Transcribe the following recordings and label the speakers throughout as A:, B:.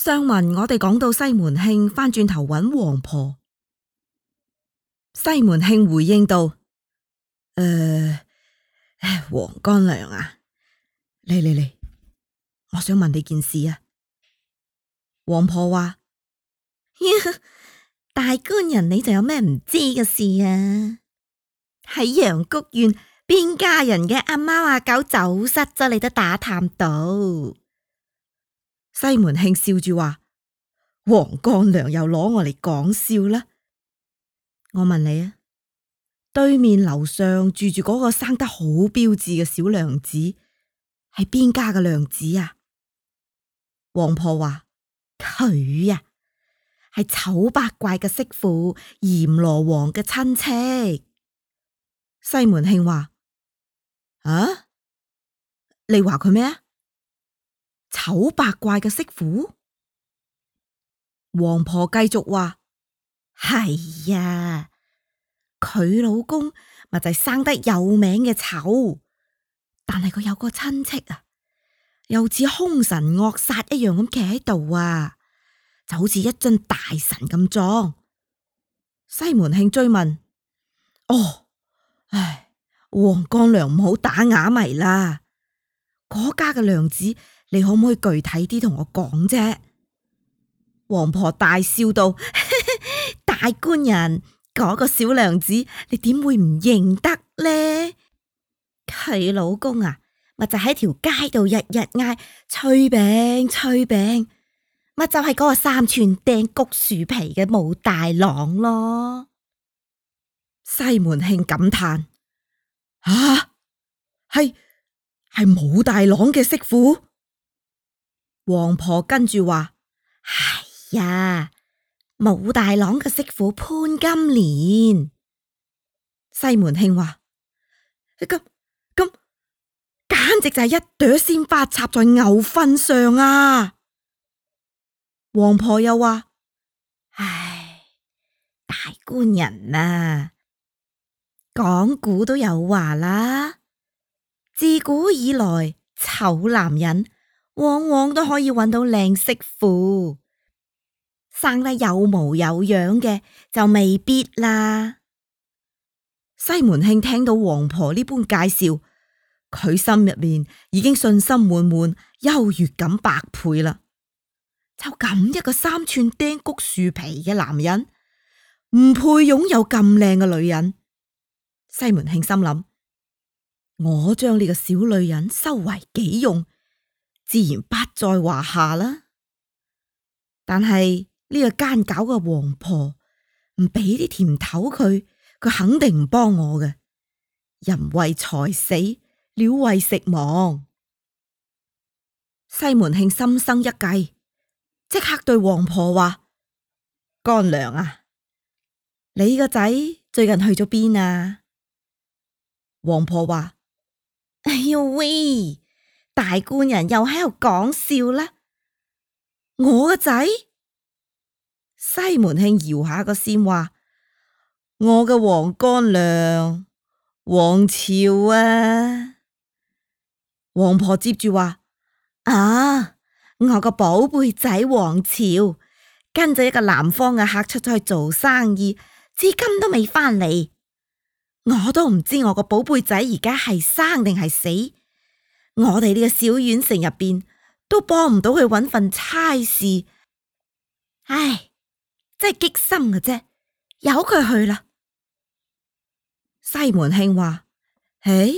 A: 上文我哋講到西門慶翻轉頭揾王婆，西門慶回應道：誒、呃，王乾娘啊，嚟嚟嚟，我想問你件事啊。王婆話： 大官人，你就有咩唔知嘅事啊？喺陽谷縣邊家人嘅阿貓阿狗走失咗，你都打探到？西門慶笑住話：王乾娘又攞我嚟講笑啦！我問你啊，對面樓上住住嗰個生得好標致嘅小娘子，係邊家嘅娘子啊？王婆話：佢呀、啊，係醜八怪嘅媳婦，閻羅王嘅親戚。西門慶話：啊，你話佢咩啊？醜八怪嘅媳婦，王婆繼續話：係啊、哎呀，佢老公咪就係生得有名嘅醜，但係佢有個親戚啊，又似兇神惡煞一樣咁企喺度啊，就好似一尊大神咁壯。西門慶追問：哦，唉，王乾娘唔好打啞謎啦，嗰家嘅娘子。你可唔可以具體啲同我講啫？王婆大笑道： 大官人，嗰、那個小娘子，你點會唔認得呢？佢老公啊，咪就喺條街度日日嗌炊餅，炊餅，咪就係嗰個三寸掟谷樹皮嘅武大郎咯。西門慶感嘆：吓、啊，係係武大郎嘅媳婦。王婆跟住話：哎呀，武大郎嘅媳婦潘金蓮。西門慶話：咁咁，簡直就係一朵鮮花插在牛糞上啊！王婆又話：唉，大官人啊，講古都有話啦，自古以來醜男人。往往都可以揾到靚媳婦，生得有模有樣嘅就未必啦。西門慶聽到王婆呢般介紹，佢心入面已經信心滿滿、優越感百倍啦。就咁一個三寸丁谷樹皮嘅男人，唔配擁有咁靚嘅女人。西門慶心諗：我將呢個小女人收為己用。自然不在話下啦，但係呢個奸狡嘅王婆唔俾啲甜頭佢，佢肯定唔幫我嘅。人為財死，鳥為食亡。西門慶心生一計，即刻對王婆話：乾娘啊，你個仔最近去咗邊啊？王婆話：哎喲喂！大官人又喺度講笑啦！我個仔西門慶搖下個扇話：我嘅王乾娘王潮啊！王婆接住話：啊，我個寶貝仔王潮，跟咗一個南方嘅客出咗去做生意，至今都未翻嚟。我都唔知我個寶貝仔而家係生定係死。我哋呢個小縣城入邊都幫唔到佢搵份差事，唉，真係激心嘅啫，由佢去啦。西門慶話：唉、哎，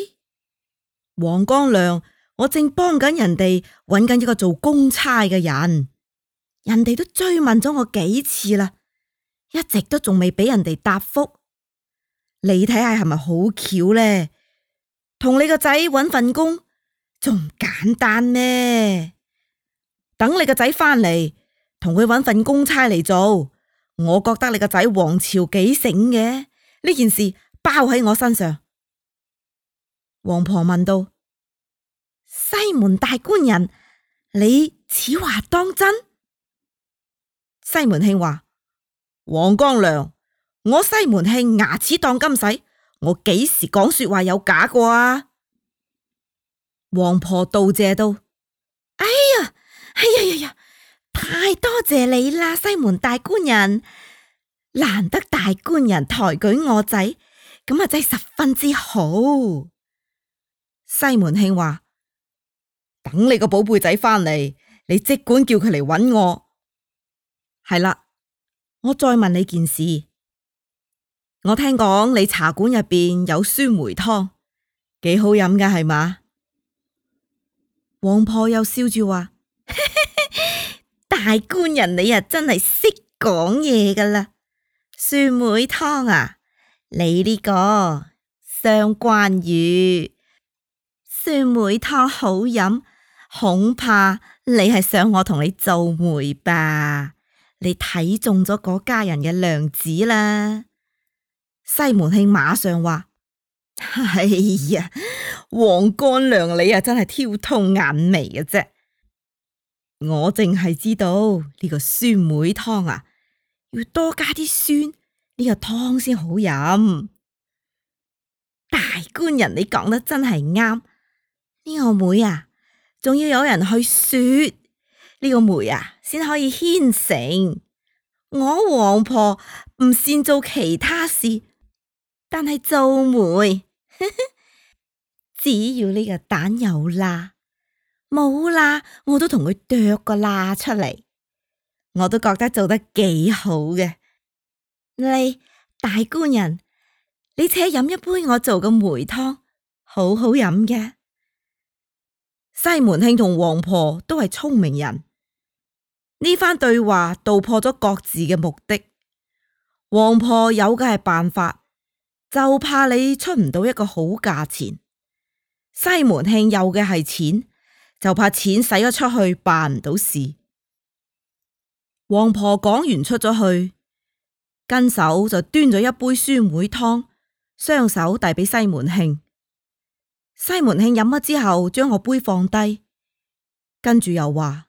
A: 黃光亮，我正幫緊人哋搵緊一個做公差嘅人，人哋都追問咗我幾次啦，一直都仲未俾人哋答覆。你睇下係咪好巧咧？同你個仔搵份工。仲簡單咩？等你個仔翻嚟，同佢揾份公差嚟做。我覺得你個仔王朝幾醒嘅，呢件事包喺我身上。王婆問道：西門大官人，你此話當真？西門慶話：王光良，我西門慶牙齒當金使，我幾時講說話有假過啊？.王婆道謝道：哎呀，哎呀呀、哎、呀，太多謝你啦，西門大官人，難得大官人抬舉我仔，咁啊真係十分之好。西門慶話：等你個寶貝仔翻嚟，你即管叫佢嚟搵我。係啦，我再問你件事，我聽講你茶館入邊有酸梅湯，幾好飲嘅係嘛？王婆又笑住話： 大官人你啊，真係識講嘢噶啦！酸梅湯啊，你呢、呢個雙關語，酸梅湯好飲，恐怕你係想我同你做媒吧？你睇中咗嗰家人嘅娘子啦！西門慶馬上話：係、 哎、呀。王乾娘，你啊真係挑通眼眉嘅啫！我淨係知道呢個酸梅湯啊，要多加啲酸，呢個湯先好飲。大官人你講得真係啱，呢個梅啊，仲要有人去說，呢個梅啊先可以牽成。我王婆唔善做其他事，但係做梅， 只要呢個蛋有啦，冇啦，我都同佢剁個啦出嚟，我都覺得做得幾好嘅。你大官人，你且飲一杯我做嘅梅湯，好好飲嘅。西門慶同王婆都係聰明人，呢番對話道破咗各自嘅目的。王婆有嘅係辦法，就怕你出唔到一個好價錢。西門慶有嘅係錢，就怕錢使咗出去辦唔到事。王婆講完出咗去，跟手就端咗一杯酸梅湯，雙手遞俾西門慶。西門慶飲咗之後，將個杯放低，跟住又話：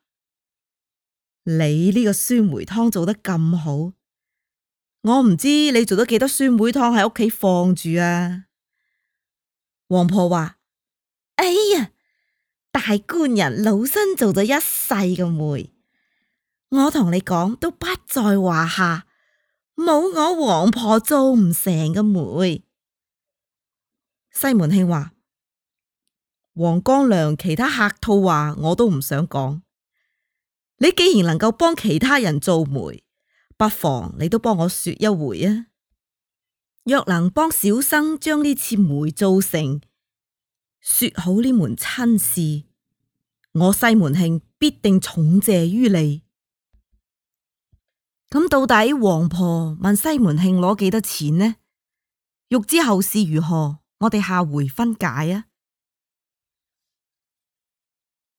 A: 你呢個酸梅湯做得咁好，我唔知你做咗幾多酸梅湯喺屋企放住啊？王婆話。哎呀，大官人，老身做咗一世嘅媒，我同你講都不在話下，冇我王婆做唔成嘅媒。西門慶話：王乾娘，其他客套話我都唔想講，你既然能夠幫其他人做媒，不妨你都幫我說一回啊。若能幫小生將呢次媒做成。說好呢門親事，我西門慶必定重謝於你。咁到底王婆問西門慶攞幾多錢呢？欲知後事如何，我哋下回分解啊！